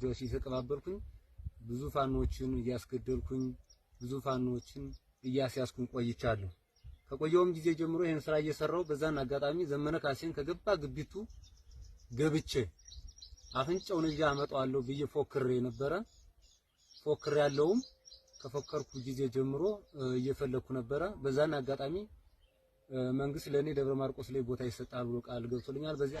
እጃዎች እየተቀባበልኩኝ ብዙ ፋኖችን እያስገደልኩኝ ብዙ ፋኖችን እያስያዝኩኝ ቆይቻለሁ። ከቆየውም ጊዜ ጀምሮ ይህን ስራ እየሰራው በዛን አጋጣሚ ዘመነ ካሴን ከገባ ግቢቱ ገብቼ አፍንጫውን ይዤ አመጣዋለሁ ብዬ ፎክሬ ነበረ። ፎክሬ ያለውም ከፎከርኩ ጊዜ ጀምሮ እየፈለኩ ነበረ። በዛን አጋጣሚ መንግስት ለኔ ደብረ ማርቆስ ላይ ቦታ ይሰጣል ብሎ ቃል ገብቶልኛል። በዚያ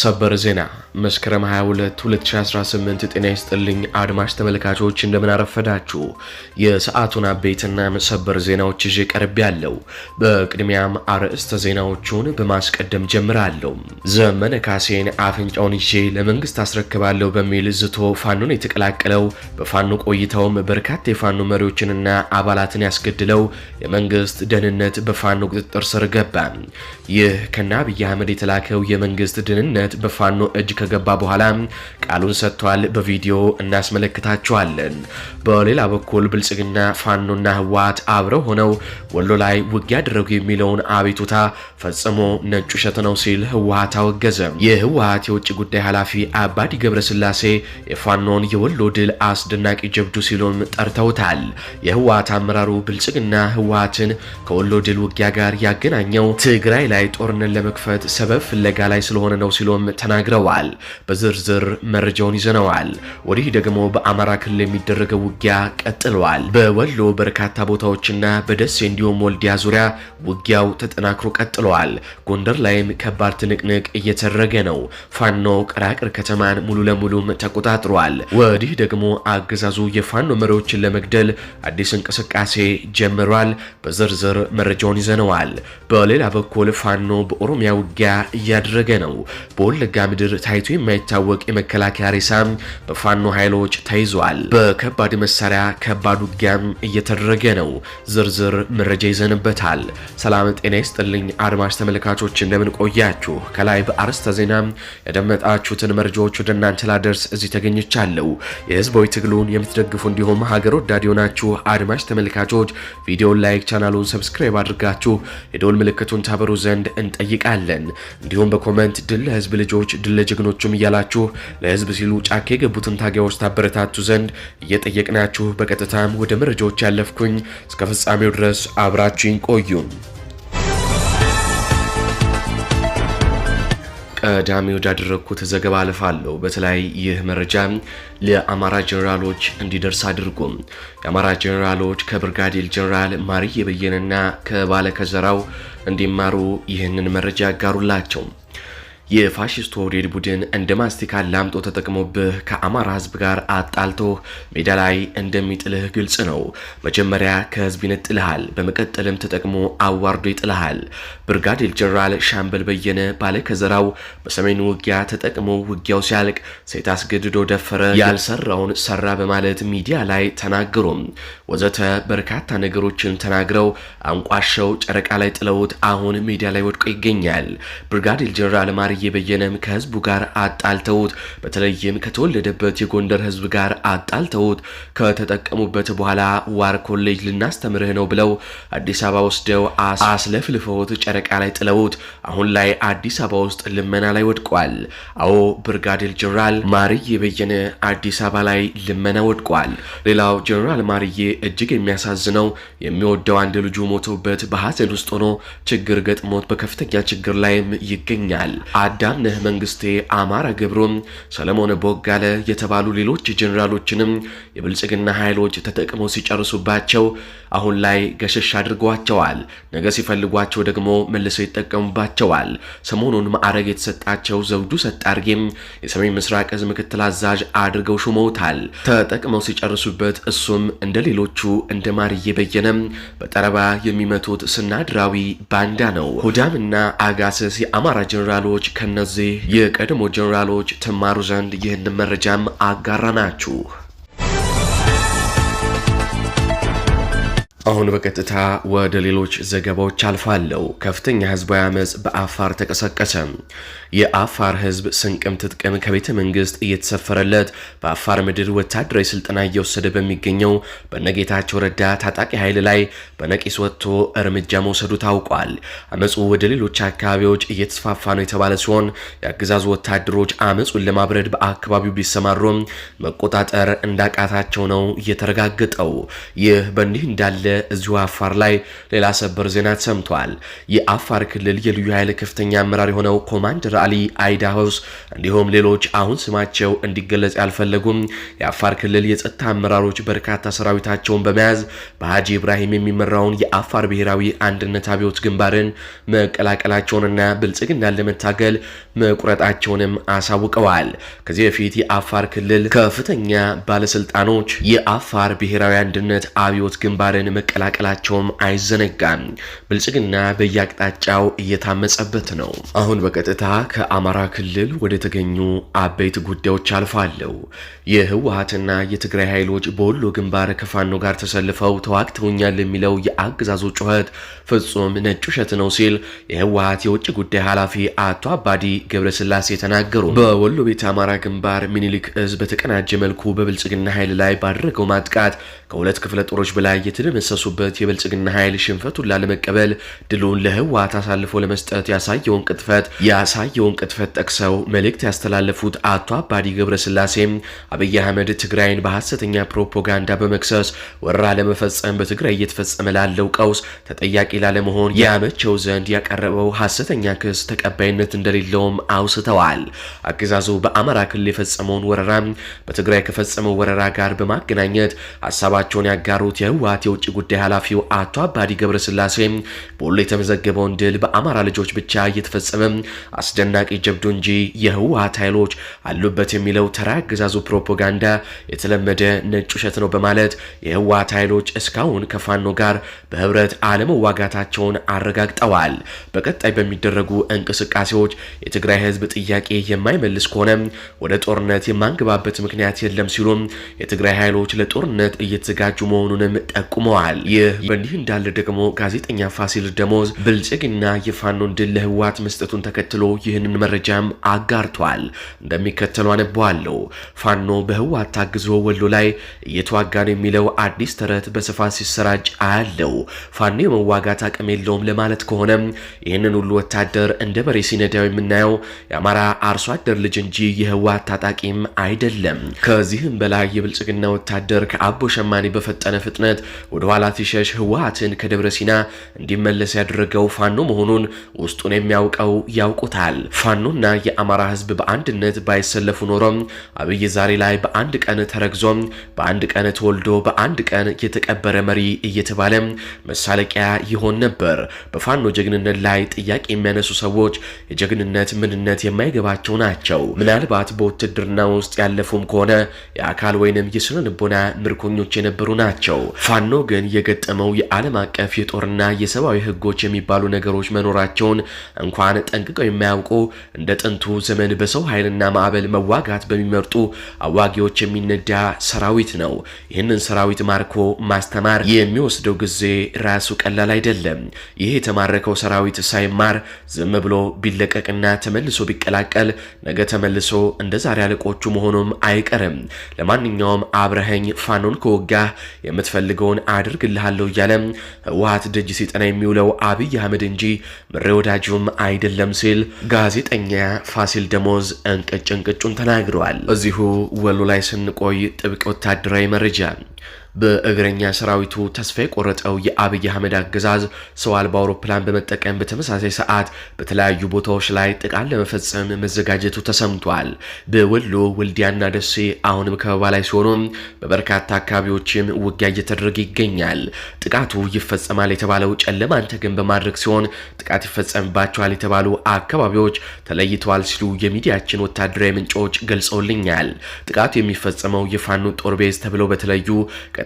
ሰበር ዜና መስከረም 22 2018። ጤና ይስጥልኝ አድማሽ ተመልካቾች እንደምን አረፈዳችሁ። የሰዓቱን አበይትና ሰበር ዜናዎች ይዤ ቀርብ ያለው። በቅድሚያም አርዕስተ ዜናዎቹን በማስቀደም ጀምራለሁ። ዘመነ ካሴን አፍንጫውን ይዤ ለመንግስት አስረክባለሁ በሚል ዝቶ ፋኖን የተቀላቀለው በፋኖ ቆይታውም በርካታ የፋኖ መሪዎችንና አባላትን ያስገድለው የመንግስት ደህንነት በፋኖ ቁጥጥር ስር ገባ። ይህ ከነ አብይ አህመድ የተላከው የመንግስት ደህንነት ጦርነት በፋኖ እጅ ከገባ በኋላ ቃሉን ሰጥቷል። በቪዲዮ እናስመለክታችኋለን። በሌላ በኩል ብልጽግና ፋኖና ህወሓት አብረው ሆነው ወሎ ላይ ውጊያ አደረጉ የሚለውን አቤቱታ ፈጽሞ ነጩ ውሸት ነው ሲል ህወሓት አወገዘ። የህወሓት የውጭ ጉዳይ ኃላፊ አባዲ ገብረስላሴ የፋኖን የወሎ ድል አስደናቂ ጀብዱ ሲሉም ጠርተውታል። የህወሓት አመራሩ ብልጽግና ህወሓትን ከወሎ ድል ውጊያ ጋር ያገናኘው ትግራይ ላይ ጦርነት ለመክፈት ሰበብ ፍለጋ ላይ ስለሆነ ነው ሲሉ እንደሆኑም ተናግረዋል። በዝርዝር መረጃውን ይዘነዋል። ወዲህ ደግሞ በአማራ ክልል የሚደረገው ውጊያ ቀጥሏል። በወሎ በርካታ ቦታዎችና በደሴ እንዲሁም ወልዲያ ዙሪያ ውጊያው ተጠናክሮ ቀጥሏል። ጎንደር ላይም ከባድ ትንቅንቅ እየተደረገ ነው። ፋኖ ቀራቅር ከተማን ሙሉ ለሙሉም ተቆጣጥሯል። ወዲህ ደግሞ አገዛዙ የፋኖ መሪዎችን ለመግደል አዲስ እንቅስቃሴ ጀምሯል። በዝርዝር መረጃውን ይዘነዋል። በሌላ በኩል ፋኖ በኦሮሚያ ውጊያ እያደረገ ነው። በወለጋ ምድር ታይቶ የማይታወቅ የመከላከያ ሬሳ በፋኖ ኃይሎች ተይዟል። በከባድ መሳሪያ ከባድ ውጊያም እየተደረገ ነው። ዝርዝር መረጃ ይዘንበታል። ሰላም ጤና ይስጥልኝ አድማጭ ተመልካቾች እንደምን ቆያችሁ? ከላይ በአርዕስተ ዜና ያደመጣችሁትን መረጃዎች ወደ እናንተ ላደርስ እዚህ ተገኝቻለሁ። የህዝባዊ ትግሉን የምትደግፉ እንዲሁም ሀገር ወዳድ የሆናችሁ አድማጭ ተመልካቾች ቪዲዮን ላይክ፣ ቻናሉን ሰብስክራይብ አድርጋችሁ የደወል ምልክቱን ታበሩ ዘንድ እንጠይቃለን። እንዲሁም በኮመንት ድል ለህዝብ ልጆች ድለ ጀግኖቹም እያላችሁ ለህዝብ ሲሉ ጫካ የገቡትን ታጋዮች ታበረታቱ ዘንድ እየጠየቅናችሁ በቀጥታም ወደ መረጃዎች ያለፍኩኝ፣ እስከ ፍጻሜው ድረስ አብራችሁኝ ቆዩ። ቀዳሚ ወዳደረግኩት ዘገባ አልፋለሁ። በተለይ ይህ መረጃ ለአማራ ጀኔራሎች እንዲደርስ አድርጉ። የአማራ ጀኔራሎች ከብርጋዴር ጀኔራል ማሪ በየነና ከባለከዘራው እንዲማሩ ይህንን መረጃ ያጋሩላቸው። የፋሽስቱ ወሬድ ቡድን እንደ ማስቲካ ላምጦ ተጠቅሞብህ ከአማራ ህዝብ ጋር አጣልቶ ሜዳ ላይ እንደሚጥልህ ግልጽ ነው። መጀመሪያ ከህዝብ ይነጥልሃል፣ በመቀጠልም ተጠቅሞ አዋርዶ ይጥልሃል። ብርጋዴር ጀነራል ሻምበል በየነ ባለ ከዘራው በሰሜኑ ውጊያ ተጠቅሞ ውጊያው ሲያልቅ ሴት አስገድዶ ደፈረ፣ ያልሰራውን ሰራ በማለት ሚዲያ ላይ ተናገሩም ወዘተ በርካታ ነገሮችን ተናግረው አንቋሸው ጨረቃ ላይ ጥለውት አሁን ሜዳ ላይ ወድቆ ይገኛል። ብርጋዴር ጀኔራል ማሪ አብይ በየነም ከህዝቡ ጋር አጣልተውት በተለይም ከተወለደበት የጎንደር ህዝብ ጋር አጣልተውት ከተጠቀሙበት በኋላ ዋር ኮሌጅ ልናስተምርህ ነው ብለው አዲስ አበባ ወስደው አስለፍልፈውት ጨረቃ ላይ ጥለውት አሁን ላይ አዲስ አበባ ውስጥ ልመና ላይ ወድቋል። አዎ ብርጋዴር ጀነራል ማርዬ በየነ አዲስ አበባ ላይ ልመና ወድቋል። ሌላው ጀነራል ማርዬ እጅግ የሚያሳዝነው የሚወደው አንድ ልጁ ሞቶበት በሐዘን ውስጥ ሆኖ ችግር ገጥሞት በከፍተኛ ችግር ላይም ይገኛል። አዳምነህ መንግስቴ፣ አማራ ገብሩ፣ ሰለሞን ቦጋለ የተባሉ ሌሎች ጀነራሎችንም የብልጽግና ኃይሎች ተጠቅመው ሲጨርሱባቸው አሁን ላይ ገሸሽ አድርጓቸዋል። ነገ ሲፈልጓቸው ደግሞ መልሰው ይጠቀሙባቸዋል። ሰሞኑን ማዕረግ የተሰጣቸው ዘውዱ ሰጣርጌም የሰሜን ምስራቅ እዝ ምክትል አዛዥ አድርገው ሹመውታል። ተጠቅመው ሲጨርሱበት እሱም እንደ ሌሎቹ እንደ ማርዬ በየነም በጠረባ የሚመቱት ስናድራዊ ባንዳ ነው። ሆዳምና አጋስስ የአማራ ጀኔራሎች። ከነዚህ የቀድሞ ጀኔራሎች ትማሩ ዘንድ ይህን መረጃም አጋራናችሁ። አሁን በቀጥታ ወደ ሌሎች ዘገባዎች አልፋለሁ። ከፍተኛ ህዝባዊ አመፅ በአፋር ተቀሰቀሰ። የአፋር ህዝብ ስንቅም ትጥቅም ከቤተ መንግስት እየተሰፈረለት በአፋር ምድር ወታደራዊ ስልጠና እየወሰደ በሚገኘው በነጌታቸው ረዳ ታጣቂ ኃይል ላይ በነቂስ ወጥቶ እርምጃ መውሰዱ ታውቋል። አመፁ ወደ ሌሎች አካባቢዎች እየተስፋፋ ነው የተባለ ሲሆን የአገዛዙ ወታደሮች አመፁን ለማብረድ በአካባቢው ቢሰማሩም መቆጣጠር እንዳቃታቸው ነው እየተረጋገጠው። ይህ በእንዲህ እንዳለ እዚሁ አፋር ላይ ሌላ ሰበር ዜና ሰምቷል። የአፋር ክልል የልዩ ኃይል ከፍተኛ አመራር የሆነው ኮማንደር አሊ አይዳሆስ እንዲሁም ሌሎች አሁን ስማቸው እንዲገለጽ ያልፈለጉም የአፋር ክልል የጸጥታ አመራሮች በርካታ ሰራዊታቸውን በመያዝ በሀጂ ኢብራሂም የሚመራውን የአፋር ብሔራዊ አንድነት አብዮት ግንባርን መቀላቀላቸውንና ብልጽግናን ለመታገል መቁረጣቸውንም አሳውቀዋል። ከዚህ በፊት የአፋር ክልል ከፍተኛ ባለስልጣኖች የአፋር ብሔራዊ አንድነት አብዮት ግንባርን መ መቀላቀላቸውም አይዘነጋም። ብልጽግና በየአቅጣጫው እየታመጸበት ነው። አሁን በቀጥታ ከአማራ ክልል ወደ ተገኙ አበይት ጉዳዮች አልፋለሁ። የህወሀትና የትግራይ ኃይሎች በወሎ ግንባር ከፋኖ ጋር ተሰልፈው ተዋግተውኛል የሚለው የአገዛዙ ጩኸት ፍጹም ነጭ ውሸት ነው ሲል የህወሀት የውጭ ጉዳይ ኃላፊ አቶ አባዲ ገብረስላሴ ተናገሩ። በወሎ ቤተ አማራ ግንባር ሚኒሊክ እዝ በተቀናጀ መልኩ በብልጽግና ኃይል ላይ ባደረገው ማጥቃት ከሁለት ክፍለ ጦሮች በላይ የተደመሰ የፈሰሱበት የብልጽግና ኃይል ሽንፈቱን ላለመቀበል ድሉን ለህወሓት አሳልፎ ለመስጠት ያሳየውን ቅጥፈት ያሳየውን ቅጥፈት ጠቅሰው መልእክት ያስተላለፉት አቶ አባዲ ገብረስላሴም አብይ አህመድ ትግራይን በሐሰተኛ ፕሮፓጋንዳ በመክሰስ ወረራ ለመፈጸም በትግራይ እየተፈጸመ ላለው ቀውስ ተጠያቂ ላለመሆን ያመቸው ዘንድ ያቀረበው ሐሰተኛ ክስ ተቀባይነት እንደሌለውም አውስተዋል። አገዛዙ በአማራ ክልል የፈጸመውን ወረራ በትግራይ ከፈጸመው ወረራ ጋር በማገናኘት ሀሳባቸውን ያጋሩት የህወሓት የውጭ ጉዳይ ኃላፊው አቶ አባዲ ገብረስላሴ በወሎ የተመዘገበውን ድል በአማራ ልጆች ብቻ እየተፈጸመ አስደናቂ ጀብዱ እንጂ የህወሀት ኃይሎች አሉበት የሚለው ተራ አገዛዙ ፕሮፓጋንዳ የተለመደ ነጭ ውሸት ነው በማለት የህወሀት ኃይሎች እስካሁን ከፋኖ ጋር በህብረት አለመዋጋታቸውን አረጋግጠዋል። በቀጣይ በሚደረጉ እንቅስቃሴዎች የትግራይ ህዝብ ጥያቄ የማይመልስ ከሆነ ወደ ጦርነት የማንገባበት ምክንያት የለም ሲሉም የትግራይ ኃይሎች ለጦርነት እየተዘጋጁ መሆኑንም ጠቁመዋል። ገልጸዋል። ይህ በእንዲህ እንዳለ ደግሞ ጋዜጠኛ ፋሲል ደሞዝ ብልጽግና የፋኖን ድል ለህወሓት መስጠቱን ተከትሎ ይህንን መረጃም አጋርቷል። እንደሚከተሉ አነበዋለሁ። ፋኖ በህወሓት ታግዞ ወሎ ላይ እየተዋጋ ነው የሚለው አዲስ ተረት በስፋት ሲሰራጭ አያለው። ፋኖ የመዋጋት አቅም የለውም ለማለት ከሆነም ይህንን ሁሉ ወታደር እንደ በሬ ሲነዳው የምናየው የአማራ አርሶ አደር ልጅ እንጂ የህወሓት ታጣቂም አይደለም። ከዚህም በላይ የብልጽግና ወታደር ከአቦ ሸማኔ በፈጠነ ፍጥነት ወደ አባላት ሸሽ ህወሓትን ከደብረ ሲና እንዲመለስ ያደረገው ፋኖ መሆኑን ውስጡን የሚያውቀው ያውቁታል። ፋኖና የአማራ ህዝብ በአንድነት ባይሰለፉ ኖሮም አብይ ዛሬ ላይ በአንድ ቀን ተረግዞም በአንድ ቀን ተወልዶ በአንድ ቀን የተቀበረ መሪ እየተባለ መሳለቂያ ይሆን ነበር። በፋኖ ጀግንነት ላይ ጥያቄ የሚያነሱ ሰዎች የጀግንነት ምንነት የማይገባቸው ናቸው። ምናልባት በውትድርና ውስጥ ያለፉም ከሆነ የአካል ወይንም የስነ ልቦና ምርኮኞች የነበሩ ናቸው። ፋኖ ግን ግን የገጠመው የዓለም አቀፍ የጦርና የሰብአዊ ህጎች የሚባሉ ነገሮች መኖራቸውን እንኳን ጠንቅቀው የማያውቁ እንደ ጥንቱ ዘመን በሰው ኃይልና ማዕበል መዋጋት በሚመርጡ አዋጊዎች የሚነዳ ሰራዊት ነው። ይህንን ሰራዊት ማርኮ ማስተማር የሚወስደው ጊዜ ራሱ ቀላል አይደለም። ይህ የተማረከው ሰራዊት ሳይማር ዝም ብሎ ቢለቀቅና ተመልሶ ቢቀላቀል ነገ ተመልሶ እንደ ዛሬ አለቆቹ መሆኑም አይቀርም። ለማንኛውም አብረኸኝ ፋኖን ከወጋህ የምትፈልገውን አድር አደርግልሃለሁ እያለ ህወሀት ደጅ ሲጠና የሚውለው አብይ አህመድ እንጂ ምሬ ወዳጁም አይደለም ሲል ጋዜጠኛ ፋሲል ደሞዝ እንቅጭ እንቅጩን ተናግረዋል። እዚሁ ወሎ ላይ ስንቆይ ጥብቅ ወታደራዊ መረጃ በእግረኛ ሰራዊቱ ተስፋ የቆረጠው የአብይ አህመድ አገዛዝ ሰው አልባ አውሮፕላን በመጠቀም በተመሳሳይ ሰዓት በተለያዩ ቦታዎች ላይ ጥቃት ለመፈጸም መዘጋጀቱ ተሰምቷል። በወሎ ወልዲያና ደሴ አሁንም ከበባ ላይ ሲሆኑ በበርካታ አካባቢዎችም ውጊያ እየተደረገ ይገኛል። ጥቃቱ ይፈጸማል የተባለው ጨለማን ተገን በማድረግ ሲሆን ጥቃት ይፈጸምባቸዋል የተባሉ አካባቢዎች ተለይተዋል ሲሉ የሚዲያችን ወታደራዊ ምንጮች ገልጸውልኛል። ጥቃቱ የሚፈጸመው የፋኖ ጦር ቤዝ ተብለው በተለዩ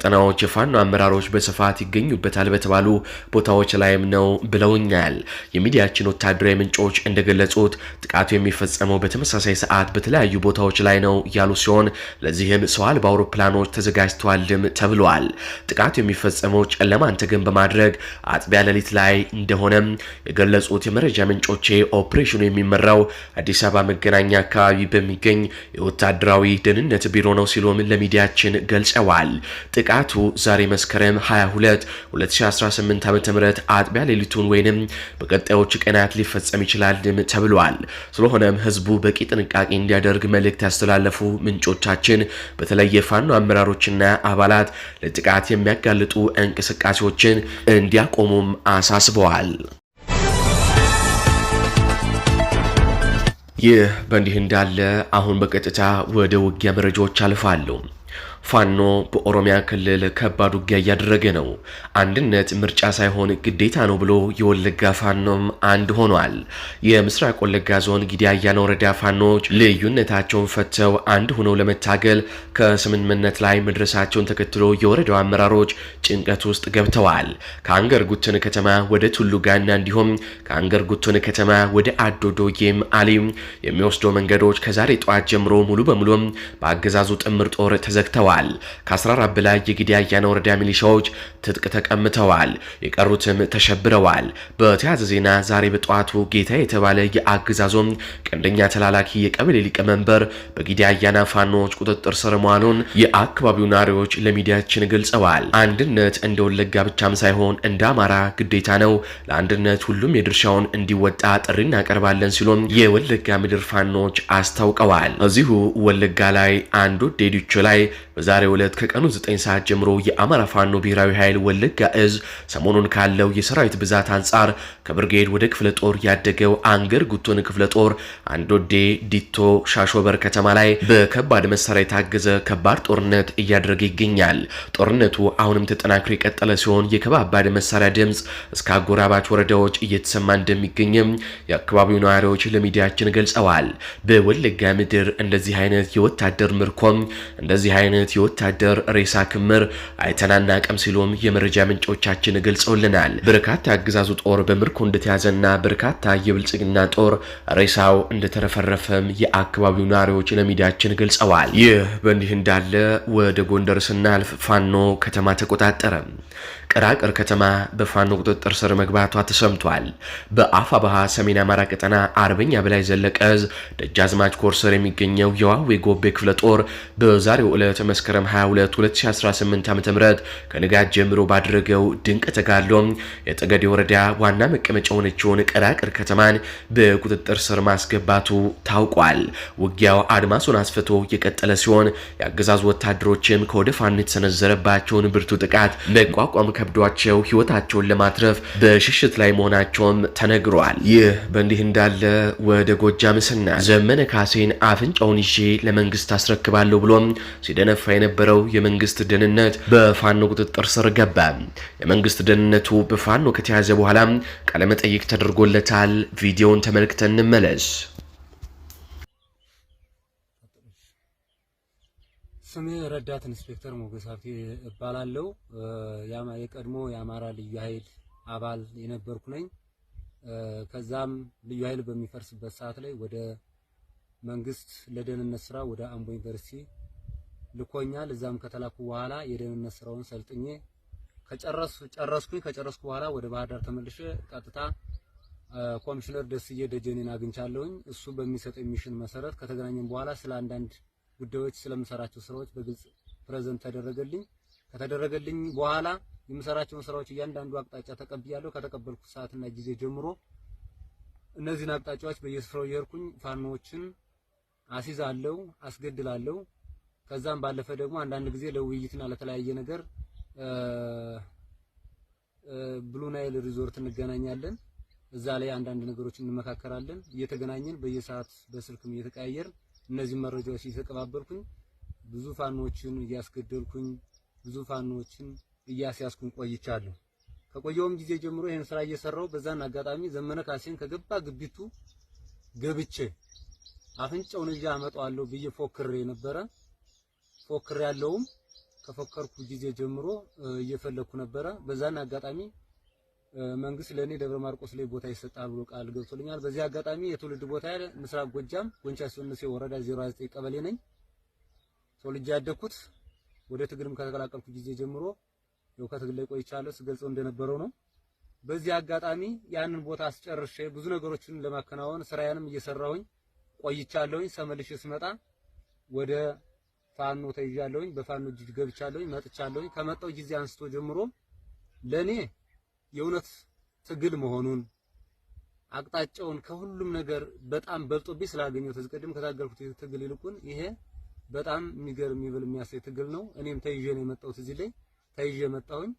ቀጠናዎች የፋኖ አመራሮች በስፋት ይገኙበታል በተባሉ ቦታዎች ላይም ነው ብለውኛል። የሚዲያችን ወታደራዊ ምንጮች እንደገለጹት ጥቃቱ የሚፈጸመው በተመሳሳይ ሰዓት በተለያዩ ቦታዎች ላይ ነው ያሉ ሲሆን ለዚህም ሰው አልባ አውሮፕላኖች ተዘጋጅተዋልም ተብሏል። ጥቃቱ የሚፈጸመው ጨለማን ተገን በማድረግ አጥቢያ ሌሊት ላይ እንደሆነም የገለጹት የመረጃ ምንጮቼ ኦፕሬሽኑ የሚመራው አዲስ አበባ መገናኛ አካባቢ በሚገኝ የወታደራዊ ደህንነት ቢሮ ነው ሲሉም ለሚዲያችን ገልጸዋል። ጥቃቱ ዛሬ መስከረም 22 2018 ዓ.ም አጥቢያ ሌሊቱን ወይንም በቀጣዮቹ ቀናት ሊፈጸም ይችላልም ተብሏል። ስለሆነም ህዝቡ በቂ ጥንቃቄ እንዲያደርግ መልእክት ያስተላለፉ ምንጮቻችን በተለይ የፋኖ አመራሮችና አባላት ለጥቃት የሚያጋልጡ እንቅስቃሴዎችን እንዲያቆሙም አሳስበዋል። ይህ በእንዲህ እንዳለ አሁን በቀጥታ ወደ ውጊያ መረጃዎች አልፋለሁ። ፋኖ በኦሮሚያ ክልል ከባድ ውጊያ እያደረገ ነው። አንድነት ምርጫ ሳይሆን ግዴታ ነው ብሎ የወለጋ ፋኖም አንድ ሆኗል። የምስራቅ ወለጋ ዞን ጊዲ አያና ወረዳ ፋኖች ልዩነታቸውን ፈተው አንድ ሆነው ለመታገል ከስምምነት ላይ መድረሳቸውን ተከትሎ የወረዳው አመራሮች ጭንቀት ውስጥ ገብተዋል። ከአንገር ጉትን ከተማ ወደ ቱሉ ጋና እንዲሁም ከአንገር ጉትን ከተማ ወደ አዶዶጌም አሊም የሚወስደው መንገዶች ከዛሬ ጠዋት ጀምሮ ሙሉ በሙሉ በአገዛዙ ጥምር ጦር ተዘግተዋል። ተገኝተዋል። ከ14 በላይ የጊዳ አያና ወረዳ ሚሊሻዎች ትጥቅ ተቀምተዋል፣ የቀሩትም ተሸብረዋል። በተያያዘ ዜና ዛሬ በጠዋቱ ጌታ የተባለ የአገዛዞም ቀንደኛ ተላላኪ የቀበሌ ሊቀመንበር በጊዳ አያና ፋኖች ቁጥጥር ስር መዋሉን የአካባቢው ነዋሪዎች ለሚዲያችን ገልጸዋል። አንድነት እንደ ወለጋ ብቻም ሳይሆን እንደ አማራ ግዴታ ነው። ለአንድነት ሁሉም የድርሻውን እንዲወጣ ጥሪ እናቀርባለን ሲሉም የወለጋ ምድር ፋኖች አስታውቀዋል። እዚሁ ወለጋ ላይ አንዱ ዴዲቾ ላይ በዛሬው ዕለት ከቀኑ 9 ሰዓት ጀምሮ የአማራ ፋኖ ብሔራዊ ኃይል ወለጋ እዝ ሰሞኑን ካለው የሰራዊት ብዛት አንጻር ከብርጌድ ወደ ክፍለ ጦር ያደገው አንገር ጉቶን ክፍለ ጦር አንዶዴ ዲቶ ሻሾበር ከተማ ላይ በከባድ መሳሪያ የታገዘ ከባድ ጦርነት እያደረገ ይገኛል። ጦርነቱ አሁንም ተጠናክሮ የቀጠለ ሲሆን የከባባድ መሳሪያ ድምፅ እስከ አጎራባች ወረዳዎች እየተሰማ እንደሚገኝም የአካባቢው ነዋሪዎች ለሚዲያችን ገልጸዋል። በወለጋ ምድር እንደዚህ አይነት የወታደር ምርኮም እንደዚህ አይነት አይነት የወታደር ሬሳ ክምር አይተናናቅም ሲሉም የመረጃ ምንጮቻችን ገልጸውልናል። በርካታ አገዛዙ ጦር በምርኮ እንደተያዘና በርካታ የብልጽግና ጦር ሬሳው እንደተረፈረፈም የአካባቢው ነዋሪዎች ለሚዲያችን ገልጸዋል። ይህ በእንዲህ እንዳለ ወደ ጎንደር ስናልፍ ፋኖ ከተማ ተቆጣጠረ። ቅራቅር ከተማ በፋኖ ቁጥጥር ስር መግባቷ ተሰምቷል። በአፋባሃ ሰሜን አማራ ቀጠና አርበኛ በላይ ዘለቀዝ ደጃዝማች ኮርሰር የሚገኘው የዋዌ ጎቤ ክፍለ ጦር በዛሬው ዕለት መስከረም 22 2018 ዓ.ም ከንጋት ጀምሮ ባደረገው ድንቅ ተጋድሎ የጠገዴ ወረዳ ዋና መቀመጫ የሆነችውን ቅራቅር ከተማን በቁጥጥር ስር ማስገባቱ ታውቋል። ውጊያው አድማሱን አስፍቶ የቀጠለ ሲሆን የአገዛዙ ወታደሮችም ከወደ ፋኖ የተሰነዘረባቸውን ብርቱ ጥቃት መቋቋም ከብዷቸው ህይወታቸውን ለማትረፍ በሽሽት ላይ መሆናቸውም ተነግሯል። ይህ በእንዲህ እንዳለ ወደ ጎጃም ስና ዘመነ ካሴን አፍንጫውን ይዤ ለመንግስት አስረክባለሁ ብሎም ሲደነፋ የነበረው የመንግስት ደህንነት በፋኖ ቁጥጥር ስር ገባ። የመንግስት ደህንነቱ በፋኖ ከተያዘ በኋላ ቃለመጠይቅ ተደርጎለታል። ቪዲዮውን ተመልክተን እንመለስ። ስሜ ረዳት ኢንስፔክተር ሞገስ ሀብቴ እባላለሁ። የቀድሞ የአማራ ልዩ ኃይል አባል የነበርኩ ነኝ። ከዛም ልዩ ኃይል በሚፈርስበት ሰዓት ላይ ወደ መንግስት ለደህንነት ስራ ወደ አምቦ ዩኒቨርሲቲ ልኮኛል። እዛም ከተላኩ በኋላ የደህንነት ስራውን ሰልጥኜ ከጨረስኩ ጨረስኩኝ። ከጨረስኩ በኋላ ወደ ባህር ዳር ተመልሼ ቀጥታ ኮሚሽነር ደስዬ ደጀኔን አግኝቻለሁኝ። እሱ በሚሰጠኝ ሚሽን መሰረት ከተገናኘን በኋላ ስለ አንዳንድ ጉዳዮች፣ ስለምሰራቸው ስራዎች በግልጽ ፕሬዘንት ተደረገልኝ። ከተደረገልኝ በኋላ የምሰራቸውን ስራዎች እያንዳንዱ አቅጣጫ ተቀብያለሁ። ከተቀበልኩ ሰዓትና ጊዜ ጀምሮ እነዚህን አቅጣጫዎች በየስፍራው እየሄድኩኝ ፋኖዎችን አስይዛለሁ፣ አስገድላለሁ። ከዛም ባለፈ ደግሞ አንዳንድ ጊዜ ለውይይትና ለተለያየ ነገር ብሉ ናይል ሪዞርት እንገናኛለን። እዛ ላይ አንዳንድ ነገሮች እንመካከራለን። እየተገናኘን በየሰዓት በስልክም እየተቀያየርን እነዚህ መረጃዎች እየተቀባበልኩኝ ብዙ ፋኖችን እያስገደልኩኝ ብዙ ፋኖችን እያስያዝኩኝ ቆይቻለሁ። ከቆየውም ጊዜ ጀምሮ ይህን ስራ እየሰራው በዛን አጋጣሚ ዘመነ ካሴን ከገባ ግቢቱ ገብቼ አፍንጫውን ይዤ አመጣዋለሁ ብዬ ፎክሬ ነበረ። ፎክሬ ያለውም ከፎከርኩ ጊዜ ጀምሮ እየፈለኩ ነበረ። በዛን አጋጣሚ መንግስት ለእኔ ደብረ ማርቆስ ላይ ቦታ ይሰጣል ብሎ ቃል ገብቶልኛል። በዚህ አጋጣሚ የትውልድ ቦታ ምስራቅ ጎጃም ጎንቻ ሲ ወረዳ 09 ቀበሌ ነኝ። ተወልጄ ያደግኩት ወደ ትግልም ከተቀላቀልኩ ጊዜ ጀምሮ ያው ከትግል ላይ ቆይቻለሁ ስገልጸው እንደነበረው ነው። በዚህ አጋጣሚ ያንን ቦታ አስጨርሼ ብዙ ነገሮችን ለማከናወን ስራዬንም እየሰራሁኝ ቆይቻለሁኝ። ሰመልሼ ስመጣ ወደ ፋኖ ተይዣለሁኝ። በፋኖ እጅ ገብቻለሁኝ፣ መጥቻለሁኝ። ከመጣው ጊዜ አንስቶ ጀምሮ ለኔ የእውነት ትግል መሆኑን አቅጣጫውን ከሁሉም ነገር በጣም በልጦብኝ ስላገኘሁት እዚህ ቀደም ከታገልኩት ትግል ይልቁን ይሄ በጣም የሚገርም የሚብል የሚያሳይ ትግል ነው። እኔም ተይዤ ነው የመጣሁት እዚህ ላይ ተይዤ መጣሁኝ።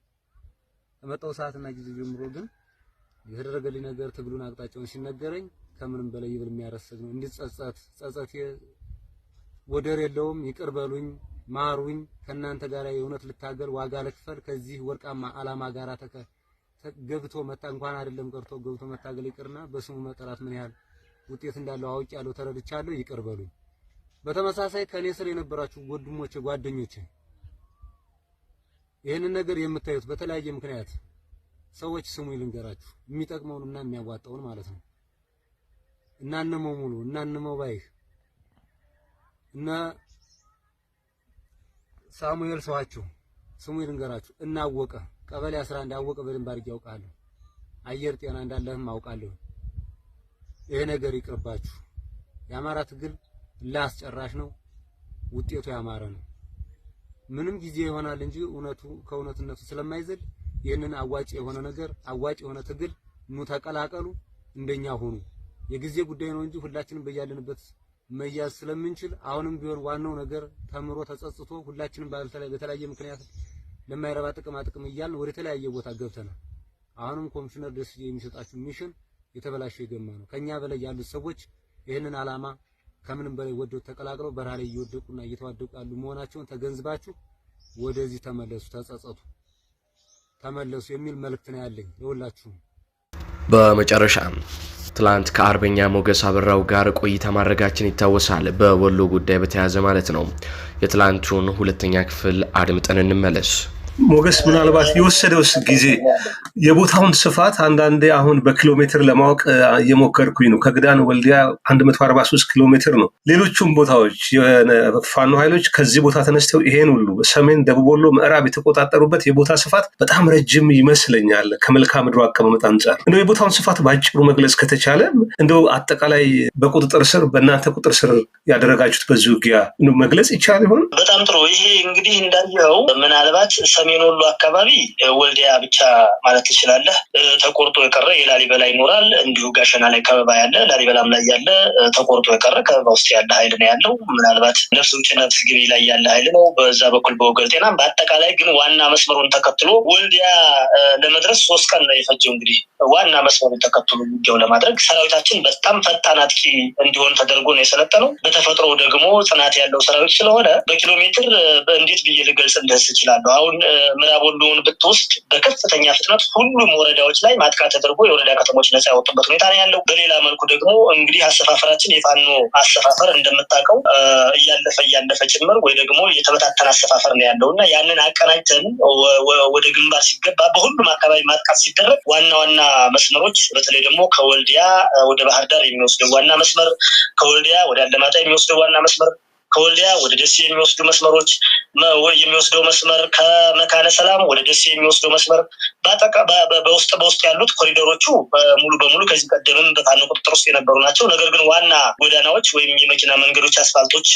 ከመጣሁ ሰዓትና ጊዜ ጀምሮ ግን የተደረገልኝ ነገር ትግሉን አቅጣጫውን ሲነገረኝ ከምንም በላይ ይብል የሚያረስግ ነው። እንዲጸጸት ጸጸቴ ወደር የለውም። ይቅር በሉኝ፣ ማሩኝ። ከእናንተ ጋር የእውነት ልታገል፣ ዋጋ ልክፈል፣ ከዚህ ወርቃማ ዓላማ ጋር ተከ ገብቶ መታ እንኳን አይደለም ቀርቶ ገብቶ መታገል ይቅርና በስሙ መጠራት ምን ያህል ውጤት እንዳለው አውቄያለሁ፣ ተረድቻለሁ። ይቅር በሉኝ። በተመሳሳይ ከኔ ስር የነበራችሁ ወንድሞቼ፣ ጓደኞቼ ይህንን ነገር የምታዩት በተለያየ ምክንያት ሰዎች ስሙ ይልንገራችሁ የሚጠቅመውን እና የሚያዋጣውን ማለት ነው። እናንመው ሙሉ እናንመው ባይህ እና ሳሙኤል ሰዋችሁ ስሙ ይልንገራችሁ እናወቀ ቀበሌ 11 አወቀ በደንብ አድርጌ አውቃለሁ። አየር ጤና እንዳለህም አውቃለሁ። ይሄ ነገር ይቅርባችሁ። የአማራ ትግል ላስጨራሽ ነው። ውጤቱ ያማረ ነው። ምንም ጊዜ ይሆናል እንጂ እውነቱ ከእውነትነቱ ስለማይዘል ይህንን አዋጭ የሆነ ነገር አዋጭ የሆነ ትግል ኑ ተቀላቀሉ፣ እንደኛ ሆኑ። የጊዜ ጉዳይ ነው እንጂ ሁላችንም በያለንበት መያዝ ስለምንችል አሁንም ቢሆን ዋናው ነገር ተምሮ ተጸጽቶ ሁላችንም በተለያየ ምክንያት ለማይረባ ጥቅማ ጥቅም እያልን ወደ ተለያየ ቦታ ገብተናል። አሁንም ኮሚሽነር ደስ የሚሰጣችሁ ሚሽን የተበላሸ የገማ ነው። ከኛ በላይ ያሉት ሰዎች ይህንን ዓላማ ከምንም በላይ ወደው ተቀላቅለው በረሃ ላይ እየወደቁና እየተዋደቁ ያሉ መሆናቸውን ተገንዝባችሁ ወደዚህ ተመለሱ፣ ተጸጸቱ፣ ተመለሱ የሚል መልእክት ነው ያለኝ ለሁላችሁም። በመጨረሻ ትላንት ከአርበኛ ሞገስ አበራው ጋር ቆይታ ማድረጋችን ይታወሳል። በወሎ ጉዳይ በተያያዘ ማለት ነው። የትላንቱን ሁለተኛ ክፍል አድምጠን እንመለስ። ሞገስ ምናልባት የወሰደውስ ጊዜ የቦታውን ስፋት አንዳንዴ አሁን በኪሎ ሜትር ለማወቅ እየሞከርኩኝ ነው። ከግዳን ወልዲያ 143 ኪሎ ሜትር ነው። ሌሎቹም ቦታዎች ፋኖ ኃይሎች ከዚህ ቦታ ተነስተው ይሄን ሁሉ ሰሜን፣ ደቡብ ወሎ፣ ምዕራብ የተቆጣጠሩበት የቦታ ስፋት በጣም ረጅም ይመስለኛል። ከመልክዓ ምድሩ አቀማመጥ አንጻር እንደው የቦታውን ስፋት በአጭሩ መግለጽ ከተቻለ እንደው አጠቃላይ በቁጥጥር ስር በእናንተ ቁጥር ስር ያደረጋችሁት በዚህ ውጊያ መግለጽ ይቻል ይሆን? በጣም ጥሩ። ይሄ እንግዲህ እንዳየው ምናልባት ሰሜን ወሎ አካባቢ ወልዲያ ብቻ ማለት ትችላለህ። ተቆርጦ የቀረ የላሊበላ ይኖራል። እንዲሁ ጋሸና ላይ ከበባ ያለ ላሊበላም ላይ ያለ ተቆርጦ የቀረ ከበባ ውስጥ ያለ ሀይል ነው ያለው። ምናልባት ነፍስ ውጭ ነፍስ ግቢ ላይ ያለ ሀይል ነው በዛ በኩል በወገል ጤና። በአጠቃላይ ግን ዋና መስመሩን ተከትሎ ወልዲያ ለመድረስ ሶስት ቀን ነው የፈጀው እንግዲህ ዋና መስመር ተከትሎ ውጊያው ለማድረግ ሰራዊታችን በጣም ፈጣን አጥቂ እንዲሆን ተደርጎ ነው የሰለጠነው። በተፈጥሮ ደግሞ ጽናት ያለው ሰራዊት ስለሆነ በኪሎ ሜትር እንዴት ብዬ ልገልጽ እንደስ ይችላሉ። አሁን ምዕራብ ወሎውን ብትወስድ በከፍተኛ ፍጥነት ሁሉም ወረዳዎች ላይ ማጥቃት ተደርጎ የወረዳ ከተሞች ነጻ ያወጡበት ሁኔታ ነው ያለው። በሌላ መልኩ ደግሞ እንግዲህ አሰፋፈራችን የፋኖ አሰፋፈር እንደምታውቀው እያለፈ እያለፈ ጭምር ወይ ደግሞ የተበታተነ አሰፋፈር ነው ያለው እና ያንን አቀናጅተን ወደ ግንባር ሲገባ በሁሉም አካባቢ ማጥቃት ሲደረግ ዋና ዋና መስመሮች በተለይ ደግሞ ከወልዲያ ወደ ባህር ዳር የሚወስደው ዋና መስመር፣ ከወልዲያ ወደ አለማጣ የሚወስደው ዋና መስመር፣ ከወልዲያ ወደ ደሴ የሚወስዱ መስመሮች የሚወስደው መስመር፣ ከመካነ ሰላም ወደ ደሴ የሚወስደው መስመር፣ በውስጥ በውስጥ ያሉት ኮሪደሮቹ ሙሉ በሙሉ ከዚህ ቀደምም በፋኖ ቁጥጥር ውስጥ የነበሩ ናቸው። ነገር ግን ዋና ጎዳናዎች ወይም የመኪና መንገዶች፣ አስፋልቶች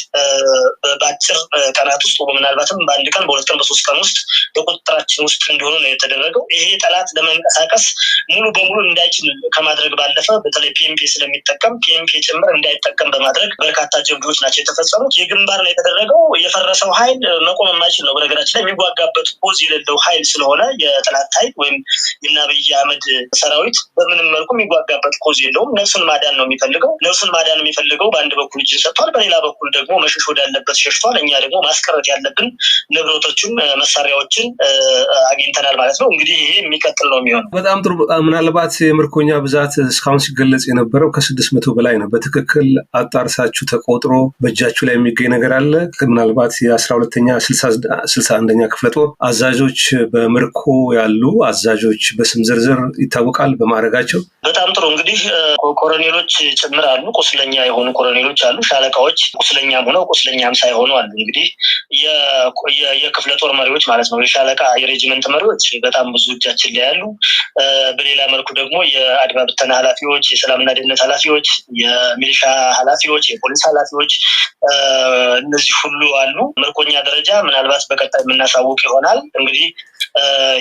በአጭር ቀናት ውስጥ ምናልባትም በአንድ ቀን፣ በሁለት ቀን፣ በሶስት ቀን ውስጥ በቁጥጥራችን ውስጥ እንዲሆኑ ነው የተደረገው። ይሄ ጠላት ለመንቀሳቀስ ሙሉ በሙሉ እንዳይችል ከማድረግ ባለፈ በተለይ ፒኤምፒ ስለሚጠቀም ፒኤምፒ ጭምር እንዳይጠቀም በማድረግ በርካታ ጀብዶች ናቸው የተፈጸሙት። የግንባር ነው የተደረገው። የፈረሰው ኃይል መቆም የማይችል ነው። በነገራችን ላይ የሚዋጋበት ፖዝ የሌለው ኃይል ስለሆነ የጠላት ኃይል ወይም የእነ አህመድ ሰራዊት በምንም መልኩ የሚጓጋበት ኮዝ የለውም። ነፍሱን ማዳን ነው የሚፈልገው። ነፍሱን ማዳን የሚፈልገው በአንድ በኩል እጅን ሰጥቷል፣ በሌላ በኩል ደግሞ መሸሽ ወዳለበት ሸሽቷል። እኛ ደግሞ ማስቀረት ያለብን ንብረቶችን፣ መሳሪያዎችን አግኝተናል ማለት ነው። እንግዲህ ይሄ የሚቀጥል ነው የሚሆነው። በጣም ጥሩ። ምናልባት የምርኮኛ ብዛት እስካሁን ሲገለጽ የነበረው ከስድስት መቶ በላይ ነው። በትክክል አጣርሳችሁ ተቆጥሮ በእጃችሁ ላይ የሚገኝ ነገር አለ? ምናልባት የአስራ ሁለተኛ ስልሳ አንደኛ ክፍለ ጦር አዛዦች በምርኮ ያሉ አዛዦች በስም ዝርዝር ይታወቃል በማድረጋቸው። በጣም ጥሩ እንግዲህ ኮረኔሎች ጭምር አሉ፣ ቁስለኛ የሆኑ ኮረኔሎች አሉ፣ ሻለቃዎች ቁስለኛም ሆነው ቁስለኛም ሳይሆኑ አሉ። እንግዲህ የክፍለ ጦር መሪዎች ማለት ነው፣ የሻለቃ የሬጅመንት መሪዎች በጣም ብዙ እጃችን ላይ ያሉ፣ በሌላ መልኩ ደግሞ የአድማ ብተና ኃላፊዎች፣ የሰላምና ደህንነት ኃላፊዎች፣ የሚሊሻ ኃላፊዎች፣ የፖሊስ ኃላፊዎች እነዚህ ሁሉ አሉ። ምርኮኛ ደረጃ ምናልባት በቀጣይ የምናሳውቅ ይሆናል እንግዲህ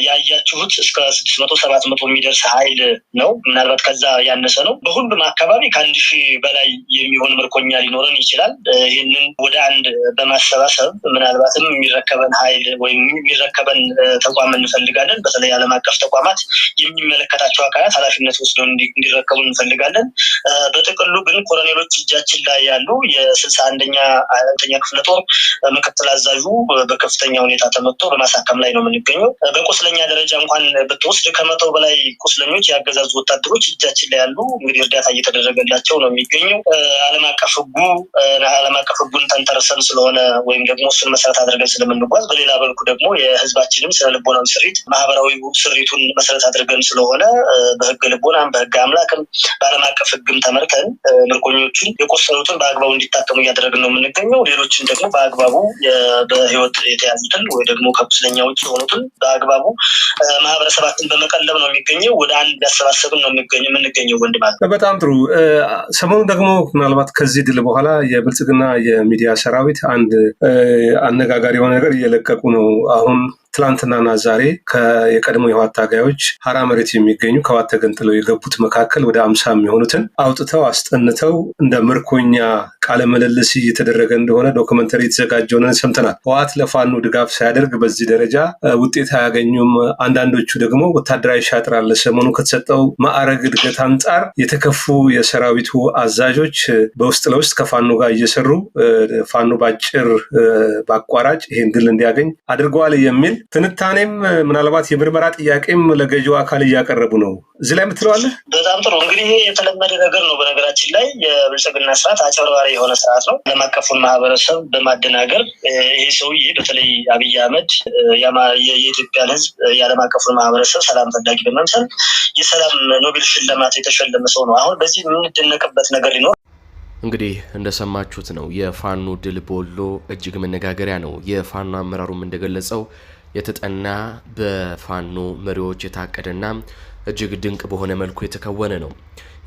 ያያችሁት እስከ ስድስት መቶ ሰባት መቶ የሚደርስ ኃይል ነው። ምናልባት ከዛ ያነሰ ነው። በሁሉም አካባቢ ከአንድ ሺህ በላይ የሚሆን ምርኮኛ ሊኖረን ይችላል። ይህንን ወደ አንድ በማሰባሰብ ምናልባትም የሚረከበን ኃይል ወይም የሚረከበን ተቋም እንፈልጋለን። በተለይ ዓለም አቀፍ ተቋማት የሚመለከታቸው አካላት ኃላፊነት ወስደው እንዲረከቡ እንፈልጋለን። በጥቅሉ ግን ኮሎኔሎች እጃችን ላይ ያሉ የስልሳ አንደኛ አንደኛ ክፍለ ጦር ምክትል አዛዡ በከፍተኛ ሁኔታ ተመቶ በማሳከም ላይ ነው የምንገኘው። በቁስለኛ ደረጃ እንኳን ብትወስድ ከመቶ በላይ ቁስለኞች ያገዛዙ ወታደሮች እጃችን ላይ ያሉ እንግዲህ እርዳታ እየተደረገላቸው ነው የሚገኘው። ዓለም አቀፍ ህጉ ዓለም አቀፍ ህጉን ተንተርሰን ስለሆነ ወይም ደግሞ እሱን መሰረት አድርገን ስለምንጓዝ፣ በሌላ በልኩ ደግሞ የህዝባችንም ስነ ልቦናዊ ስሪት ማህበራዊ ስሪቱን መሰረት አድርገን ስለሆነ በህገ ልቦናም በህገ አምላክም በዓለም አቀፍ ህግም ተመርተን ምርኮኞቹን የቆሰሉትን በአግባቡ እንዲታከሙ እያደረግን ነው የምንገኘው። ሌሎችን ደግሞ በአግባቡ በህይወት የተያዙትን ወይ ደግሞ ከቁስለኛ ውጭ የሆኑትን በአግባቡ ማህበረሰባችን በመቀለብ ነው የሚገኘው። ወደ አንድ ሊያሰባሰብን ነው የምንገኘው። ወንድ ማለት በጣም ጥሩ። ሰሞኑን ደግሞ ምናልባት ከዚህ ድል በኋላ የብልጽግና የሚዲያ ሰራዊት አንድ አነጋጋሪ የሆነ ነገር እየለቀቁ ነው አሁን ትላንትናና ዛሬ የቀድሞ የህዋት ታጋዮች ሀራ መሬት የሚገኙ ከህዋት ተገንጥለው የገቡት መካከል ወደ አምሳ የሚሆኑትን አውጥተው አስጠንተው እንደ ምርኮኛ ቃለ ምልልስ እየተደረገ እንደሆነ ዶክመንተሪ የተዘጋጀውን ሰምተናል። ህዋት ለፋኑ ድጋፍ ሳያደርግ በዚህ ደረጃ ውጤት አያገኙም። አንዳንዶቹ ደግሞ ወታደራዊ ሻጥር አለ። ሰሞኑ ከተሰጠው ማዕረግ እድገት አንጻር የተከፉ የሰራዊቱ አዛዦች በውስጥ ለውስጥ ከፋኖ ጋር እየሰሩ ፋኖ ባጭር በአቋራጭ ይሄን ድል እንዲያገኝ አድርገዋል የሚል ትንታኔም ምናልባት የምርመራ ጥያቄም ለገዢው አካል እያቀረቡ ነው። እዚህ ላይ የምትለዋለህ? በጣም ጥሩ እንግዲህ ይሄ የተለመደ ነገር ነው። በነገራችን ላይ የብልጽግና ስርዓት አጭበርባሪ የሆነ ስርዓት ነው። ዓለም አቀፉን ማህበረሰብ በማደናገር ይሄ ሰውዬ በተለይ አብይ አህመድ የኢትዮጵያን ህዝብ የዓለም አቀፉን ማህበረሰብ ሰላም ፈላጊ በመምሰል የሰላም ኖቤል ሽልማት የተሸለመ ሰው ነው። አሁን በዚህ የምንደነቅበት ነገር ይኖር እንግዲህ እንደሰማችሁት ነው። የፋኖ ድል በወሎ እጅግ መነጋገሪያ ነው። የፋኖ አመራሩም እንደገለጸው የተጠና በፋኖ መሪዎች የታቀደና እጅግ ድንቅ በሆነ መልኩ የተከወነ ነው።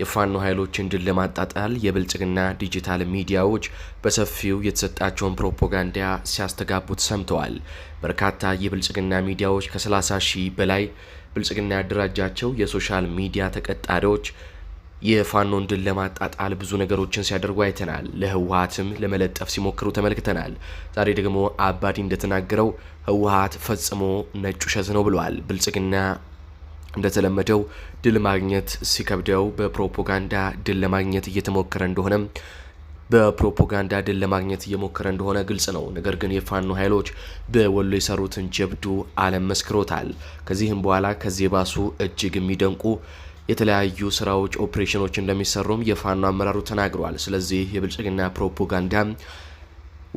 የፋኖ ኃይሎችን ድል ለማጣጣል የብልጽግና ዲጂታል ሚዲያዎች በሰፊው የተሰጣቸውን ፕሮፓጋንዳ ሲያስተጋቡት ሰምተዋል። በርካታ የብልጽግና ሚዲያዎች ከ30 ሺህ በላይ ብልጽግና ያደራጃቸው የሶሻል ሚዲያ ተቀጣሪዎች የፋኖን ድል ለማጣጣል ብዙ ነገሮችን ሲያደርጉ አይተናል። ለህወሀትም ለመለጠፍ ሲሞክሩ ተመልክተናል። ዛሬ ደግሞ አባዲ እንደተናገረው ህወሀት ፈጽሞ ነጩ ሸዝ ነው ብለዋል። ብልጽግና እንደተለመደው ድል ማግኘት ሲከብደው በፕሮፓጋንዳ ድል ለማግኘት እየተሞከረ እንደሆነም በፕሮፓጋንዳ ድል ለማግኘት እየሞከረ እንደሆነ ግልጽ ነው። ነገር ግን የፋኖ ኃይሎች በወሎ የሰሩትን ጀብዱ ዓለም መስክሮታል። ከዚህም በኋላ ከዚህ ባሱ እጅግ የሚደንቁ የተለያዩ ስራዎች፣ ኦፕሬሽኖች እንደሚሰሩም የፋኖ አመራሩ ተናግረዋል። ስለዚህ የብልጽግና ፕሮፓጋንዳ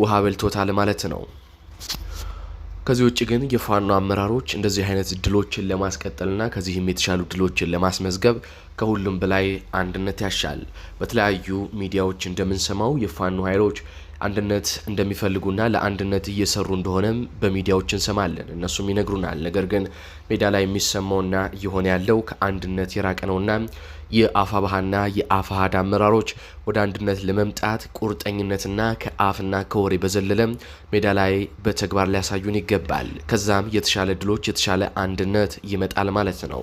ውሃ በልቶታል ማለት ነው። ከዚህ ውጭ ግን የፋኖ አመራሮች እንደዚህ አይነት ድሎችን ለማስቀጠልና ከዚህም የተሻሉ ድሎችን ለማስመዝገብ ከሁሉም በላይ አንድነት ያሻል። በተለያዩ ሚዲያዎች እንደምንሰማው የፋኖ ኃይሎች አንድነት እንደሚፈልጉና ለአንድነት እየሰሩ እንደሆነም በሚዲያዎች እንሰማለን፣ እነሱም ይነግሩናል። ነገር ግን ሜዳ ላይ የሚሰማውና እየሆነ ያለው ከአንድነት የራቀ ነውና የአፋባሃና የአፋሃድ አመራሮች ወደ አንድነት ለመምጣት ቁርጠኝነትና ከአፍና ከወሬ በዘለለ ሜዳ ላይ በተግባር ሊያሳዩን ይገባል። ከዛም የተሻለ ድሎች፣ የተሻለ አንድነት ይመጣል ማለት ነው።